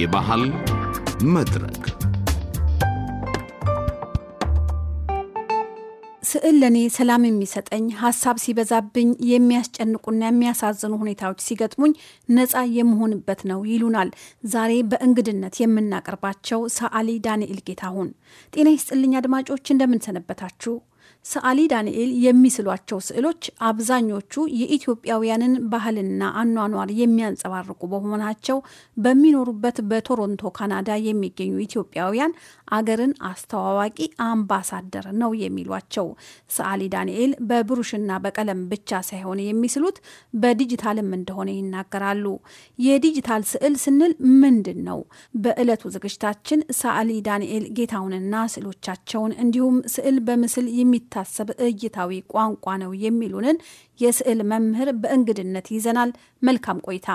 የባህል መድረክ ስዕል ለእኔ ሰላም የሚሰጠኝ ሀሳብ ሲበዛብኝ የሚያስጨንቁና የሚያሳዝኑ ሁኔታዎች ሲገጥሙኝ ነፃ የምሆንበት ነው ይሉናል ዛሬ በእንግድነት የምናቀርባቸው ሰዓሊ ዳንኤል ጌታሁን። ጤና ይስጥልኝ አድማጮች፣ እንደምንሰነበታችሁ ሰዓሊ ዳንኤል የሚስሏቸው ስዕሎች አብዛኞቹ የኢትዮጵያውያንን ባህልና አኗኗር የሚያንጸባርቁ በመሆናቸው በሚኖሩበት በቶሮንቶ ካናዳ የሚገኙ ኢትዮጵያውያን አገርን አስተዋዋቂ አምባሳደር ነው የሚሏቸው። ሰዓሊ ዳንኤል በብሩሽና በቀለም ብቻ ሳይሆን የሚስሉት በዲጂታልም እንደሆነ ይናገራሉ። የዲጂታል ስዕል ስንል ምንድን ነው? በዕለቱ ዝግጅታችን ሰዓሊ ዳንኤል ጌታውንና ስዕሎቻቸውን እንዲሁም ስዕል በምስል የሚታ የሚታሰብ እይታዊ ቋንቋ ነው የሚሉንን የስዕል መምህር በእንግድነት ይዘናል። መልካም ቆይታ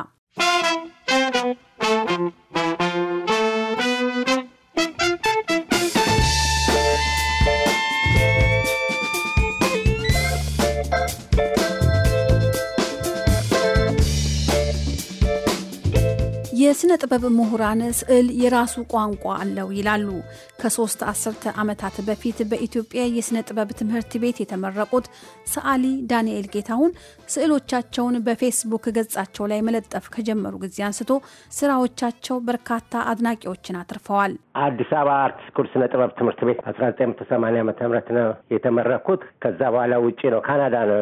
የሥነ ጥበብ ምሁራን ስዕል የራሱ ቋንቋ አለው ይላሉ። ከሶስት አስርተ ዓመታት በፊት በኢትዮጵያ የሥነ ጥበብ ትምህርት ቤት የተመረቁት ሰዓሊ ዳንኤል ጌታሁን ስዕሎቻቸውን በፌስቡክ ገጻቸው ላይ መለጠፍ ከጀመሩ ጊዜ አንስቶ ስራዎቻቸው በርካታ አድናቂዎችን አትርፈዋል። አዲስ አበባ አርት ስኩል ስነ ጥበብ ትምህርት ቤት አስራ ዘጠኝ መቶ ሰማንያ ዓመተ ምህረት ነው የተመረኩት። ከዛ በኋላ ውጪ ነው ካናዳ ነው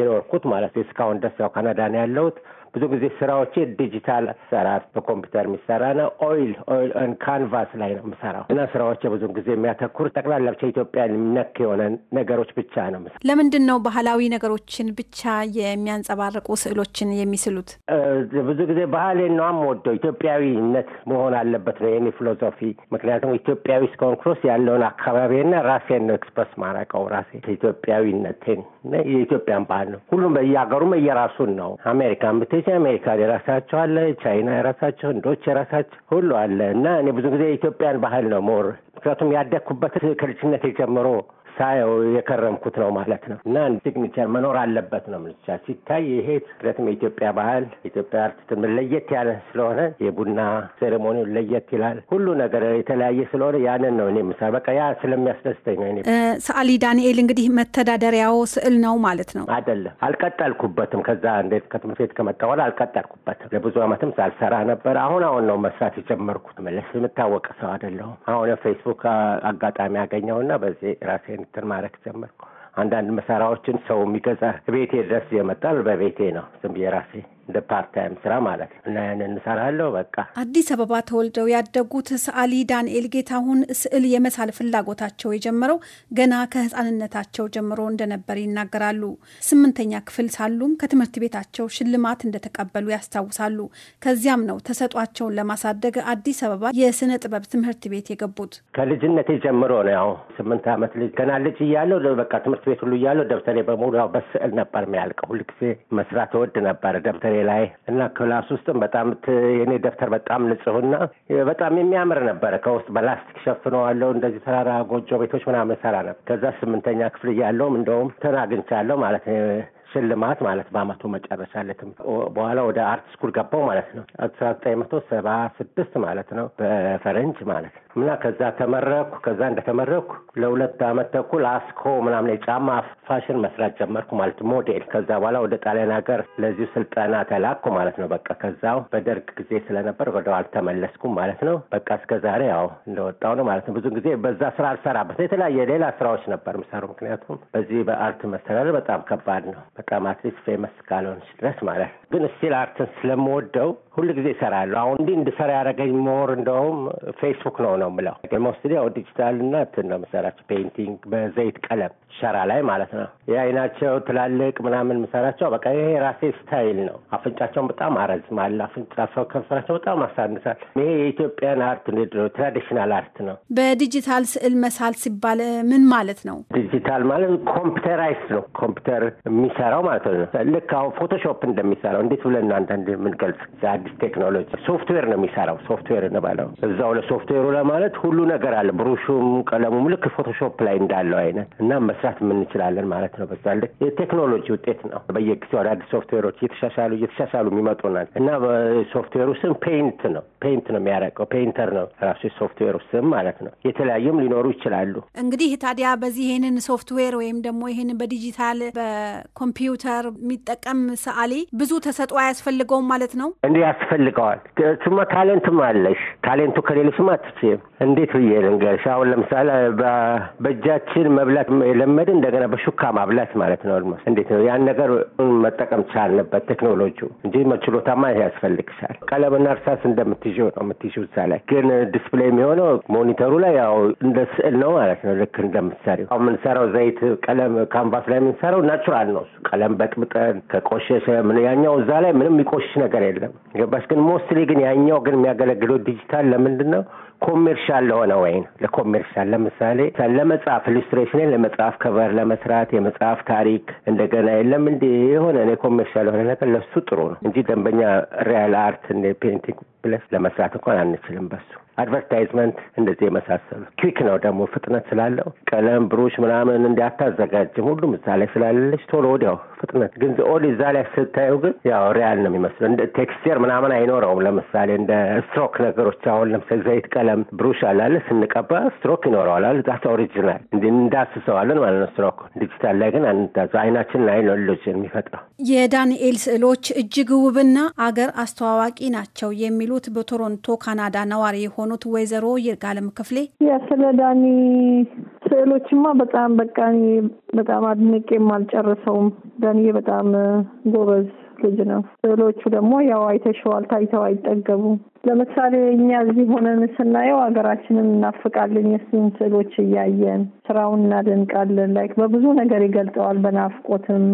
የኖርኩት ማለት እስካሁን ደስ ያው ካናዳ ነው ያለሁት። ብዙ ጊዜ ስራዎቼ ዲጂታል አሰራር በኮምፒውተር የሚሰራ ነው። ኦይል ኦይል ካንቫስ ላይ ነው የምሰራው እና ስራዎች ብዙ ጊዜ የሚያተኩር ጠቅላላ ብቻ ኢትዮጵያ ነክ የሆነ ነገሮች ብቻ ነው። ለምንድን ነው ባህላዊ ነገሮችን ብቻ የሚያንጸባርቁ ስዕሎችን የሚስሉት? ብዙ ጊዜ ባህሌን ነው የምወደው። ኢትዮጵያዊነት መሆን አለበት ነው የኔ ፊሎሶፊ። ምክንያቱም ኢትዮጵያዊ እስከሆንኩ ድረስ ያለውን አካባቢና ራሴን ነው ኤክስፕረስ ማረቀው ራሴ ኢትዮጵያዊነቴን የኢትዮጵያን ባህል ነው። ሁሉም በየሀገሩም የራሱን ነው። አሜሪካን ብትሄጂ አሜሪካ የራሳቸው አለ፣ ቻይና የራሳቸው፣ ህንዶች የራሳቸው ሁሉ አለ እና እኔ ብዙ ጊዜ የኢትዮጵያን ባህል ነው ሞር ምክንያቱም ያደግኩበት ከልጅነት የጀምሮ ሳየው የከረምኩት ነው ማለት ነው። እና ሲግኒቸር መኖር አለበት ነው ምልቻ ሲታይ ይሄ ትክለትም የኢትዮጵያ ባህል ኢትዮጵያ አርቲስትም ለየት ያለ ስለሆነ የቡና ሴሬሞኒው ለየት ይላል። ሁሉ ነገር የተለያየ ስለሆነ ያንን ነው እኔ ምሳ በቃ ያ ስለሚያስደስተኝ ነው። እኔ ሰዓሊ ዳንኤል እንግዲህ መተዳደሪያው ስዕል ነው ማለት ነው አይደለም? አልቀጠልኩበትም። ከዛ እንዴት ከትምህርት ቤት ከመጣ በኋላ አልቀጠልኩበትም። ለብዙ አመትም ሳልሰራ ነበር። አሁን አሁን ነው መስራት የጀመርኩት። መለስ የምታወቅ ሰው አይደለሁም። አሁን ፌስቡክ አጋጣሚ ያገኘውና በዚህ ራሴ እንትን ማድረግ ጀመርኩ። አንዳንድ መሳሪያዎችን ሰው የሚገዛ ቤቴ ድረስ የመጣል በቤቴ ነው ዝም ብዬ ራሴ እንደ ፓርታይም ስራ ማለት ነው እና ያንን እንሰራለሁ። በቃ አዲስ አበባ ተወልደው ያደጉት ሰዓሊ ዳንኤል ጌታሁን ስዕል የመሳል ፍላጎታቸው የጀመረው ገና ከህፃንነታቸው ጀምሮ እንደነበር ይናገራሉ። ስምንተኛ ክፍል ሳሉም ከትምህርት ቤታቸው ሽልማት እንደተቀበሉ ያስታውሳሉ። ከዚያም ነው ተሰጧቸውን ለማሳደግ አዲስ አበባ የስነ ጥበብ ትምህርት ቤት የገቡት። ከልጅነቴ ጀምሮ ነው ያው ስምንት ዓመት ልጅ ገና ልጅ እያለሁ በቃ ትምህርት ቤት ሁሉ እያለሁ ደብተሬ በሙሉ ያው በስዕል ነበር የሚያልቀው። ሁልጊዜ መስራት እወድ ነበር ደብተ ደብተሬ ላይ እና ክላስ ውስጥም በጣም የኔ ደብተር በጣም ንጹህና በጣም የሚያምር ነበረ። ከውስጥ በላስቲክ ሸፍነዋለሁ። እንደዚህ ተራራ ጎጆ ቤቶች ምናምን ሰራ ነበር። ከዛ ስምንተኛ ክፍል እያለውም እንደውም ተናግንቻለሁ ማለት ነው ሽልማት ማለት በአመቱ መጨረሻ ለትም በኋላ ወደ አርት ስኩል ገባው ማለት ነው። አስራ ዘጠኝ መቶ ሰባ ስድስት ማለት ነው በፈረንጅ ማለት ነው። እና ከዛ ተመረኩ። ከዛ እንደተመረኩ ለሁለት አመት ተኩል አስኮ ምናምን የጫማ ፋሽን መስራት ጀመርኩ ማለት ሞዴል። ከዛ በኋላ ወደ ጣሊያን ሀገር ለዚሁ ስልጠና ተላኩ ማለት ነው። በቃ ከዛው በደርግ ጊዜ ስለነበር ወደ አልተመለስኩም ማለት ነው። በቃ እስከ ዛሬ ያው እንደወጣው ነው ማለት ነው። ብዙ ጊዜ በዛ ስራ አልሰራበት የተለያየ ሌላ ስራዎች ነበር ምሰሩ። ምክንያቱም በዚህ በአርት መስተዳደር በጣም ከባድ ነው። በጣም አትሊስት ፌመስ ካልሆነች ድረስ ማለት ግን ስቲል አርትን ስለምወደው ሁሉ ጊዜ ይሰራሉ። አሁን እንዲህ እንድሰራ ያደረገኝ ሞር እንደውም ፌስቡክ ነው ነው የምለው ሞስትሊ ያው ዲጂታል እና እንትን ነው የምሰራቸው ፔይንቲንግ በዘይት ቀለም ሸራ ላይ ማለት ነው። የአይናቸው ትላልቅ ምናምን የምሰራቸው በቃ ይሄ ራሴ ስታይል ነው። አፍንጫቸውን በጣም አረዝማል። አፍንጫ ሰው ከንፈራቸው በጣም አሳንሳል። ይሄ የኢትዮጵያን አርት ነው፣ ትራዲሽናል አርት ነው። በዲጂታል ስዕል መሳል ሲባል ምን ማለት ነው? ዲጂታል ማለት ኮምፒውተራይስ ነው፣ ኮምፒውተር የሚሰራው ማለት ነው። ልክ አሁን ፎቶሾፕ እንደሚሰራው እንዴት ብለን አንዳንድ የምንገልጽ አዲስ ቴክኖሎጂ ሶፍትዌር ነው የሚሰራው። ሶፍትዌር እንባለው እዛው ለሶፍትዌሩ ለማለት ሁሉ ነገር አለ። ብሩሹም ቀለሙም ልክ ፎቶሾፕ ላይ እንዳለው አይነት እና መስራት የምንችላለን ማለት ነው። በዛ የቴክኖሎጂ ውጤት ነው። በየጊዜው አዳዲስ ሶፍትዌሮች እየተሻሻሉ እየተሻሻሉ የሚመጡ ናቸው እና ሶፍትዌሩ ስም ፔይንት ነው። ፔይንት ነው የሚያረቀው ፔይንተር ነው ራሱ የሶፍትዌሩ ስም ማለት ነው። የተለያዩም ሊኖሩ ይችላሉ። እንግዲህ ታዲያ በዚህ ይህንን ሶፍትዌር ወይም ደግሞ ይህንን በዲጂታል በኮምፒውተር የሚጠቀም ሰዓሊ ብዙ ተሰጥኦ አያስፈልገውም ማለት ነው እንዲህ ያስፈልገዋል። ስሞ ታለንትም አለሽ ታሌንቱ ከሌሎችም አትችም። እንዴት ብዬ ልንገርሽ? አሁን ለምሳሌ በእጃችን መብላት የለመድ እንደገና በሹካ ማብላት ማለት ነው። ልሞስ እንዴት ነው ያን ነገር መጠቀም ቻልንበት ቴክኖሎጂ እንጂ ችሎታማ ያስፈልግሻል። ቀለምና እርሳስ እንደምትይው ነው የምትይው። እዛ ላይ ግን ዲስፕሌይ የሚሆነው ሞኒተሩ ላይ ያው እንደ ስዕል ነው ማለት ነው። ልክ እንደምትሰሪው አሁን የምንሰራው ዘይት ቀለም ካንቫስ ላይ የምንሰራው ናቹራል ነው። ቀለም በጥብጠን ከቆሸሸ ያኛው እዛ ላይ ምንም የሚቆሽሽ ነገር የለም። ገባሽ? ግን ሞስትሊ ግን ያኛው ግን የሚያገለግለው ዲጂታል የሚባል ለምንድን ነው? ኮሜርሻል ለሆነ ወይን ለኮሜርሻል ለምሳሌ ለመጽሐፍ ኢሉስትሬሽን ለመጽሐፍ ከበር ለመስራት የመጽሐፍ ታሪክ እንደገና የለም እንዲ የሆነ ኮሜርሻል የሆነ ነገር ለሱ ጥሩ ነው እንጂ ደንበኛ ሪያል አርት ፔንቲንግ ብለስ ለመስራት እንኳን አንችልም። በሱ አድቨርታይዝመንት እንደዚህ የመሳሰሉ ኩዊክ ነው ደግሞ ፍጥነት ስላለው ቀለም ብሩሽ ምናምን እንዲያታዘጋጅም ሁሉም እዛ ላይ ስላለች ቶሎ ወዲያው ፍጥነት ግን ኦል እዛ ላይ ስታዩ ግን ያው ሪያል ነው የሚመስለው። እንደ ቴክስቸር ምናምን አይኖረውም። ለምሳሌ እንደ ስትሮክ ነገሮች አሁን ለምሳሌ ዘይት ቀለም ብሩሽ አላለ ስንቀባ ስትሮክ ይኖረዋል አለ ዛት ኦሪጂናል እንዲ እንዳስሰዋለን ማለት ነው ስትሮክ። ዲጂታል ላይ ግን አንዳዙ አይናችን ላይ ነው የሚፈጥረው። የዳንኤል ስዕሎች እጅግ ውብና አገር አስተዋዋቂ ናቸው የሚሉ የሚሉት በቶሮንቶ ካናዳ ነዋሪ የሆኑት ወይዘሮ ይርጋለም ክፍሌ ስለ ዳኒ ስዕሎችማ በጣም በቃ በጣም አድንቄም አልጨርሰውም። ዳኒዬ በጣም ጎበዝ ልጅ ነው። ስዕሎቹ ደግሞ ያው አይተሸዋል፣ ታይተው አይጠገቡም። ለምሳሌ እኛ እዚህ ሆነን ስናየው ሀገራችንን እናፍቃለን። የእሱን ስዕሎች እያየን ስራውን እናደንቃለን። ላይክ በብዙ ነገር ይገልጠዋል። በናፍቆትም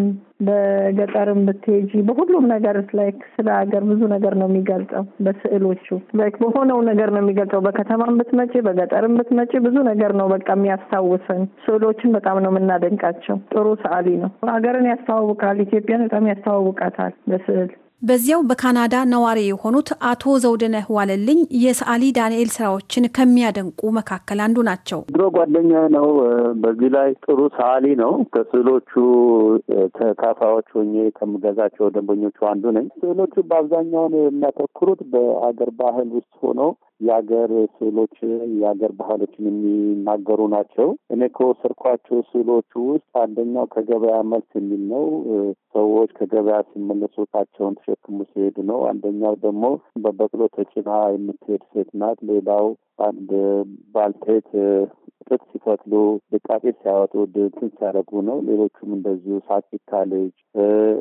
በገጠርም ብትሄጂ በሁሉም ነገር ላይክ ስለ ሀገር ብዙ ነገር ነው የሚገልጠው በስዕሎቹ። ላይክ በሆነው ነገር ነው የሚገልጠው። በከተማም ብትመጪ በገጠርም ብትመጪ ብዙ ነገር ነው በቃ የሚያስታውሰን። ስዕሎችን በጣም ነው የምናደንቃቸው። ጥሩ ሰዓሊ ነው። ሀገርን ያስተዋውቃል። ኢትዮጵያን በጣም ያስተዋውቃታል በስዕል በዚያው በካናዳ ነዋሪ የሆኑት አቶ ዘውድነህ ዋለልኝ የሰዓሊ ዳንኤል ስራዎችን ከሚያደንቁ መካከል አንዱ ናቸው። ድሮ ጓደኛ ነው። በዚህ ላይ ጥሩ ሰዓሊ ነው። ከስዕሎቹ ተካፋዮች ሆኜ ከምገዛቸው ደንበኞቹ አንዱ ነኝ። ስዕሎቹ በአብዛኛውን የሚያተኩሩት በአገር ባህል ውስጥ ሆነው የአገር ስዕሎች የአገር ባህሎችን የሚናገሩ ናቸው። እኔ ከወሰድኳቸው ስዕሎቹ ውስጥ አንደኛው ከገበያ መልስ የሚል ነው። ሰዎች ከገበያ ሲመለሱታቸውን የተሸክሙ ሲሄዱ ነው። አንደኛው ደግሞ በበቅሎ ተጭና የምትሄድ ሴት ናት። ሌላው አንድ ባልቴት ጥጥ ሲፈትሉ ድቃቄት ሲያወጡ ድንትን ሲያደርጉ ነው። ሌሎቹም እንደዚሁ ሳቂታ ልጅ፣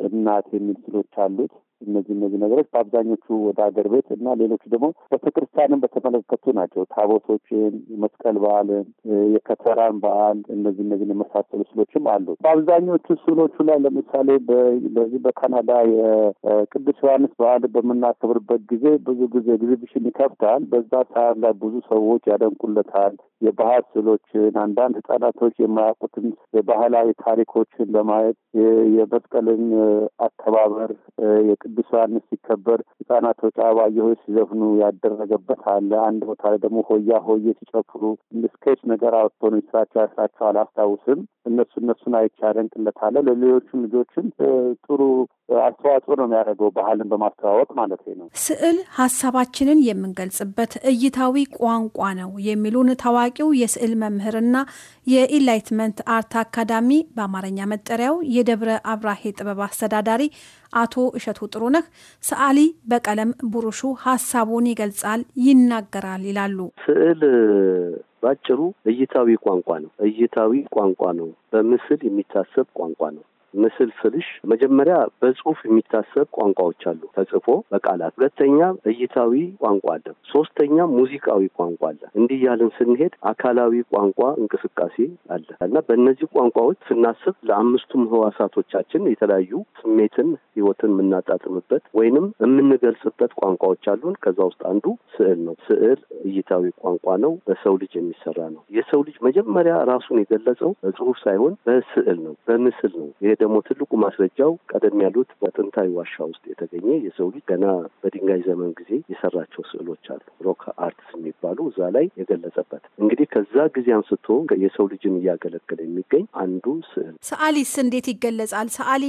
እናት የሚል ስሎች አሉት። እነዚህ እነዚህ ነገሮች በአብዛኞቹ ወደ ሀገር ቤት እና ሌሎቹ ደግሞ ቤተክርስቲያንን በተመለከቱ ናቸው። ታቦቶችን፣ መስቀል በዓልን፣ የከተራን በዓል እነዚህ እነዚህን የመሳሰሉ ስሎችም አሉ። በአብዛኞቹ ስሎቹ ላይ ለምሳሌ በዚህ በካናዳ የቅዱስ ዮሐንስ በዓል በምናከብርበት ጊዜ ብዙ ጊዜ ኤግዚቢሽን ይከፍታል። በዛ ሰዓት ላይ ብዙ ሰዎች ያደንቁለታል። የባህል ስሎችን፣ አንዳንድ ህጻናቶች የማያውቁትን የባህላዊ ታሪኮችን በማየት የመስቀልን አተባበር ቅዱስ ዮሐንስ ሲከበር ህጻናት ሆጫ ባየሆ ሲዘፍኑ ያደረገበት አለ። አንድ ቦታ ላይ ደግሞ ሆያ ሆዬ ሲጨፍሩ ስኬች ነገር አወጥቶ ነው ስራቸው ያስራቸው አላስታውስም። እነሱ እነሱን አይቻለን ቅለት አለ ለሌሎችም ልጆችም ጥሩ አስተዋጽኦ ነው የሚያደርገው፣ ባህልን በማስተዋወቅ ማለት ነው። ስዕል ሀሳባችንን የምንገልጽበት እይታዊ ቋንቋ ነው የሚሉን ታዋቂው የስዕል መምህርና የኢንላይትመንት አርት አካዳሚ በአማርኛ መጠሪያው የደብረ አብራሄ ጥበብ አስተዳዳሪ አቶ እሸቱ ጥሩነህ ሰዓሊ በቀለም ብሩሹ ሀሳቡን ይገልጻል፣ ይናገራል ይላሉ። ስዕል ባጭሩ እይታዊ ቋንቋ ነው። እይታዊ ቋንቋ ነው። በምስል የሚታሰብ ቋንቋ ነው። ምስል ስልሽ መጀመሪያ በጽሁፍ የሚታሰብ ቋንቋዎች አሉ፣ ተጽፎ በቃላት ሁለተኛ እይታዊ ቋንቋ አለ፣ ሶስተኛ ሙዚቃዊ ቋንቋ አለ። እንዲህ እያልን ስንሄድ አካላዊ ቋንቋ እንቅስቃሴ አለ እና በእነዚህ ቋንቋዎች ስናስብ ለአምስቱም ህዋሳቶቻችን የተለያዩ ስሜትን፣ ህይወትን የምናጣጥምበት ወይንም የምንገልጽበት ቋንቋዎች አሉን። ከዛ ውስጥ አንዱ ስዕል ነው። ስዕል እይታዊ ቋንቋ ነው፣ በሰው ልጅ የሚሰራ ነው። የሰው ልጅ መጀመሪያ ራሱን የገለጸው በጽሁፍ ሳይሆን በስዕል ነው፣ በምስል ነው። ደግሞ ትልቁ ማስረጃው ቀደም ያሉት በጥንታዊ ዋሻ ውስጥ የተገኘ የሰው ልጅ ገና በድንጋይ ዘመን ጊዜ የሰራቸው ስዕሎች አሉ። ሮክ አርትስ የሚባሉ እዛ ላይ የገለጸበት እንግዲህ ከዛ ጊዜ አንስቶ የሰው ልጅን እያገለገለ የሚገኝ አንዱ ስዕል። ሰዓሊስ እንዴት ይገለጻል? ሰዓሊ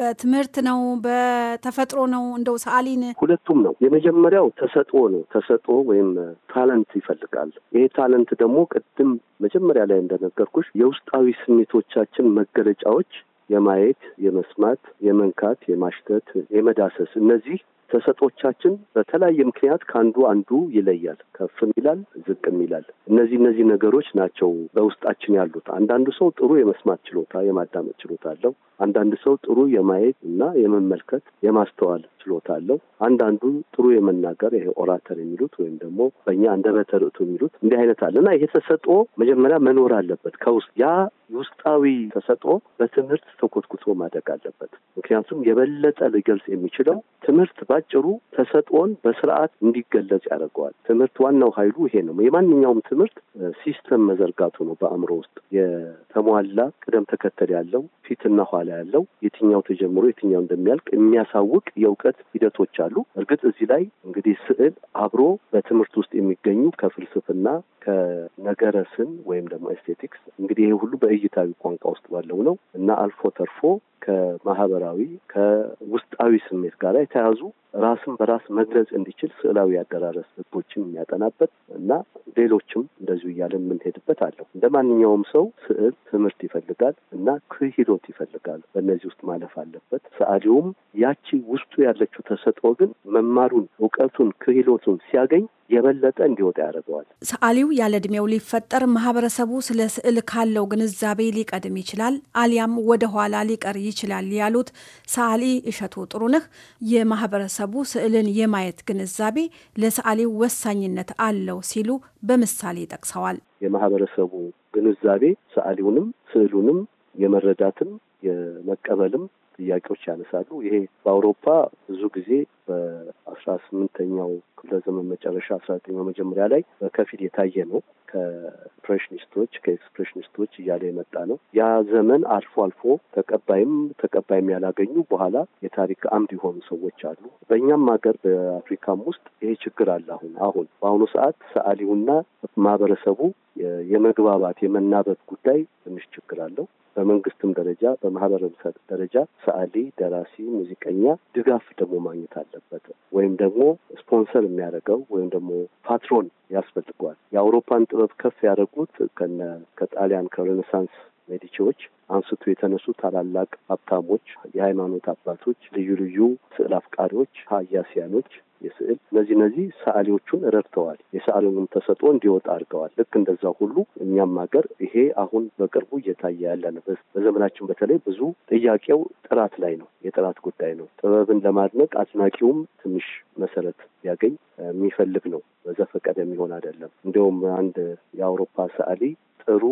በትምህርት ነው በተፈጥሮ ነው? እንደው ሰዓሊን ሁለቱም ነው። የመጀመሪያው ተሰጥኦ ነው። ተሰጥኦ ወይም ታለንት ይፈልጋል። ይሄ ታለንት ደግሞ ቅድም መጀመሪያ ላይ እንደነገርኩሽ የውስጣዊ ስሜቶቻችን መገለጫዎች የማየት፣ የመስማት፣ የመንካት፣ የማሽተት፣ የመዳሰስ እነዚህ ተሰጦቻችን በተለያየ ምክንያት ከአንዱ አንዱ ይለያል። ከፍም ይላል፣ ዝቅም ይላል። እነዚህ እነዚህ ነገሮች ናቸው በውስጣችን ያሉት። አንዳንዱ ሰው ጥሩ የመስማት ችሎታ፣ የማዳመጥ ችሎታ አለው። አንዳንድ ሰው ጥሩ የማየት እና የመመልከት የማስተዋል ችሎታ አለው። አንዳንዱ ጥሩ የመናገር ይሄ ኦራተር የሚሉት ወይም ደግሞ በእኛ አንደበተ ርቱዕ የሚሉት እንዲህ አይነት አለ እና ይሄ ተሰጦ መጀመሪያ መኖር አለበት ከውስጥ ያ ውስጣዊ ተሰጥኦ በትምህርት ተኮትኩቶ ማደግ አለበት። ምክንያቱም የበለጠ ሊገልጽ የሚችለው ትምህርት ባጭሩ ተሰጥኦን በስርዓት እንዲገለጽ ያደርገዋል። ትምህርት ዋናው ኃይሉ ይሄ ነው። የማንኛውም ትምህርት ሲስተም መዘርጋቱ ነው። በአእምሮ ውስጥ የተሟላ ቅደም ተከተል ያለው ፊትና ኋላ ያለው የትኛው ተጀምሮ የትኛው እንደሚያልቅ የሚያሳውቅ የእውቀት ሂደቶች አሉ። እርግጥ እዚህ ላይ እንግዲህ ስዕል አብሮ በትምህርት ውስጥ የሚገኙ ከፍልስፍና ከነገረ ስን ወይም ደግሞ ኤስቴቲክስ እንግዲህ ይሄ ሁሉ በእይ በእይታዊ ቋንቋ ውስጥ ባለው ነው እና አልፎ ተርፎ ከማህበራዊ ከውስጣዊ ስሜት ጋር የተያዙ ራስን በራስ መግለጽ እንዲችል ስዕላዊ አደራረስ ህጎችን የሚያጠናበት እና ሌሎችም እንደዚሁ እያለን የምንሄድበት አለው። እንደ ማንኛውም ሰው ስዕል ትምህርት ይፈልጋል እና ክህሎት ይፈልጋል። በእነዚህ ውስጥ ማለፍ አለበት። ሰዓሊውም ያቺ ውስጡ ያለችው ተሰጥኦ ግን መማሩን፣ እውቀቱን፣ ክህሎቱን ሲያገኝ የበለጠ እንዲወጣ ያደርገዋል። ሰዓሊው ያለ እድሜው ሊፈጠር ማህበረሰቡ ስለ ስዕል ካለው ግንዛቤ ሊቀድም ይችላል፣ አሊያም ወደ ኋላ ሊቀር ይችላል ያሉት ሰዓሊ እሸቱ ጥሩነህ የማህበረሰቡ ስዕልን የማየት ግንዛቤ ለሰዓሊው ወሳኝነት አለው ሲሉ በምሳሌ ጠቅሰዋል። የማህበረሰቡ ግንዛቤ ሰዓሊውንም ስዕሉንም የመረዳትም የመቀበልም ጥያቄዎች ያነሳሉ። ይሄ በአውሮፓ ብዙ ጊዜ በአስራ ስምንተኛው ክፍለ ዘመን መጨረሻ አስራ ዘጠኛው መጀመሪያ ላይ በከፊል የታየ ነው። ከኢምፕሬሽኒስቶች ከኤክስፕሬሽኒስቶች እያለ የመጣ ነው። ያ ዘመን አልፎ አልፎ ተቀባይም ተቀባይም ያላገኙ በኋላ የታሪክ አምድ የሆኑ ሰዎች አሉ። በእኛም ሀገር በአፍሪካም ውስጥ ይሄ ችግር አለ። አሁን አሁን በአሁኑ ሰዓት ሰዓሊውና ማህበረሰቡ የመግባባት የመናበብ ጉዳይ ትንሽ ችግር አለው። በመንግስትም ደረጃ በማህበረሰብ ደረጃ ሰዓሊ፣ ደራሲ፣ ሙዚቀኛ ድጋፍ ደግሞ ማግኘት አለበት። ወይም ደግሞ ስፖንሰር የሚያደርገው ወይም ደግሞ ፓትሮን ያስፈልገዋል። የአውሮፓን ጥበብ ከፍ ያደረጉት ከነ ከጣሊያን ከሬኔሳንስ ሜዲቺዎች አንስቶ የተነሱ ታላላቅ ሀብታሞች፣ የሃይማኖት አባቶች፣ ልዩ ልዩ ስዕል አፍቃሪዎች፣ ሀያሲያኖች የስዕል እነዚህ እነዚህ ሰዓሊዎቹን ረድተዋል። የሰዓሊውንም ተሰጥኦ እንዲወጣ አድርገዋል። ልክ እንደዛ ሁሉ እኛም ሀገር ይሄ አሁን በቅርቡ እየታየ ያለ በዘመናችን በተለይ ብዙ ጥያቄው ጥራት ላይ ነው። የጥራት ጉዳይ ነው። ጥበብን ለማድነቅ አድናቂውም ትንሽ መሰረት ቢያገኝ የሚፈልግ ነው። በዘፈቀደ የሚሆን አይደለም። እንዲሁም አንድ የአውሮፓ ሰዓሊ ጥሩ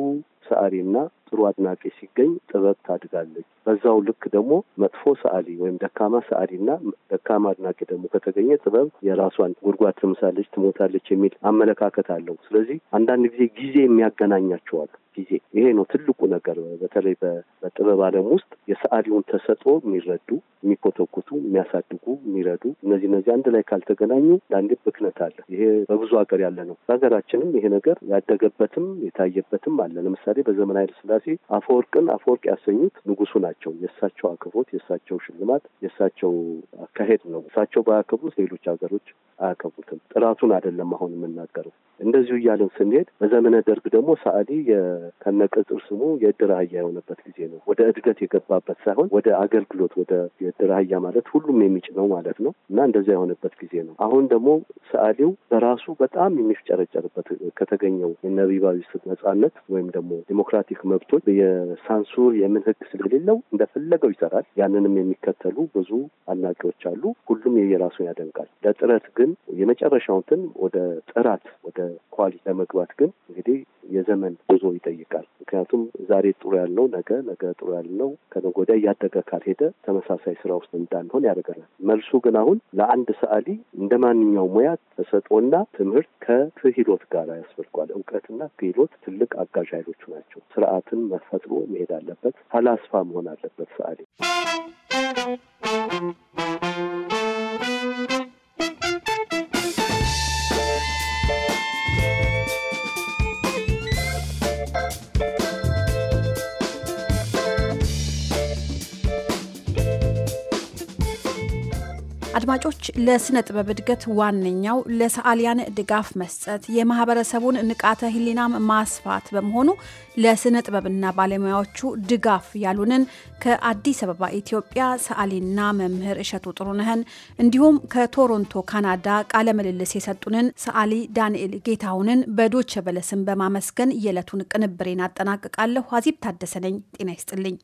እና ጥሩ አድናቂ ሲገኝ ጥበብ ታድጋለች። በዛው ልክ ደግሞ መጥፎ ሰዓሊ ወይም ደካማ እና ደካማ አድናቂ ደግሞ ከተገኘ ጥበብ የራሷን ጉድጓድ ትምሳለች፣ ትሞታለች የሚል አመለካከት አለው። ስለዚህ አንዳንድ ጊዜ ጊዜ የሚያገናኛቸዋል። ጊዜ ይሄ ነው ትልቁ ነገር። በተለይ በጥበብ ዓለም ውስጥ የሰዓሊውን ተሰጥኦ የሚረዱ የሚኮተኩቱ፣ የሚያሳድጉ፣ የሚረዱ እነዚህ እነዚህ አንድ ላይ ካልተገናኙ ለአንድ ብክነት አለ። ይሄ በብዙ ሀገር ያለ ነው። በሀገራችንም ይሄ ነገር ያደገበትም የታየበትም አለ። ለምሳሌ በዘመን ኃይለ ሥላሴ አፈወርቅን አፈወርቅ ያሰኙት ንጉሱ ናቸው። የእሳቸው አክብሮት፣ የእሳቸው ሽልማት፣ የእሳቸው አካሄድ ነው። እሳቸው ባያከብሩት ሌሎች ሀገሮች አያከብሩትም። ጥራቱን አይደለም አሁን የምናገረው። እንደዚሁ እያለን ስንሄድ በዘመነ ደርግ ደግሞ ሰዓሊ ከነቅጽር ስሙ የእድር አህያ የሆነበት ጊዜ ነው። ወደ እድገት የገባበት ሳይሆን ወደ አገልግሎት፣ ወደ የእድር አህያ ማለት ሁሉም የሚጭነው ማለት ነው እና እንደዚያ የሆነበት ጊዜ ነው። አሁን ደግሞ ሰዓሊው በራሱ በጣም የሚፍጨረጨርበት ከተገኘው የነቢባዊ ነጻነት ወይም ደግሞ ዲሞክራቲክ መብቶች የሳንሱር የምን ህግ ስለሌለው እንደፈለገው ይሰራል። ያንንም የሚከተሉ ብዙ አድናቂዎች አሉ። ሁሉም የየራሱን ያደንቃል። ለጥረት ግን የመጨረሻውንትን ወደ ጥራት ወደ ኳሊቲ ለመግባት ግን እንግዲህ የዘመን ጉዞ ይጠይቃል። ምክንያቱም ዛሬ ጥሩ ያልነው ነገ ነገ ጥሩ ያልነው ከነገ ወዲያ እያደገ ካልሄደ ተመሳሳይ ስራ ውስጥ እንዳንሆን ያደርገናል። መልሱ ግን አሁን ለአንድ ሰዓሊ እንደ ማንኛውም ሙያ ተሰጦና ትምህርት ከክህሎት ጋር ያስፈልጓል። እውቀትና ክህሎት ትልቅ አጋዥ ኃይሎች ናቸው። ስርዓትን መፈጥሮ መሄድ አለበት። ፈላስፋ መሆን አለበት ሰዓሊ አድማጮች፣ ለስነ ጥበብ እድገት ዋነኛው ለሰዓሊያን ድጋፍ መስጠት፣ የማህበረሰቡን ንቃተ ህሊናም ማስፋት በመሆኑ ለስነ ጥበብና ባለሙያዎቹ ድጋፍ ያሉንን ከአዲስ አበባ ኢትዮጵያ ሰዓሊና መምህር እሸቱ ጥሩነህን እንዲሁም ከቶሮንቶ ካናዳ ቃለ ምልልስ የሰጡንን ሰዓሊ ዳንኤል ጌታሁንን በዶቸ በለስን በማመስገን የዕለቱን ቅንብሬን አጠናቅቃለሁ። አዚብ ታደሰ ነኝ። ጤና ይስጥልኝ።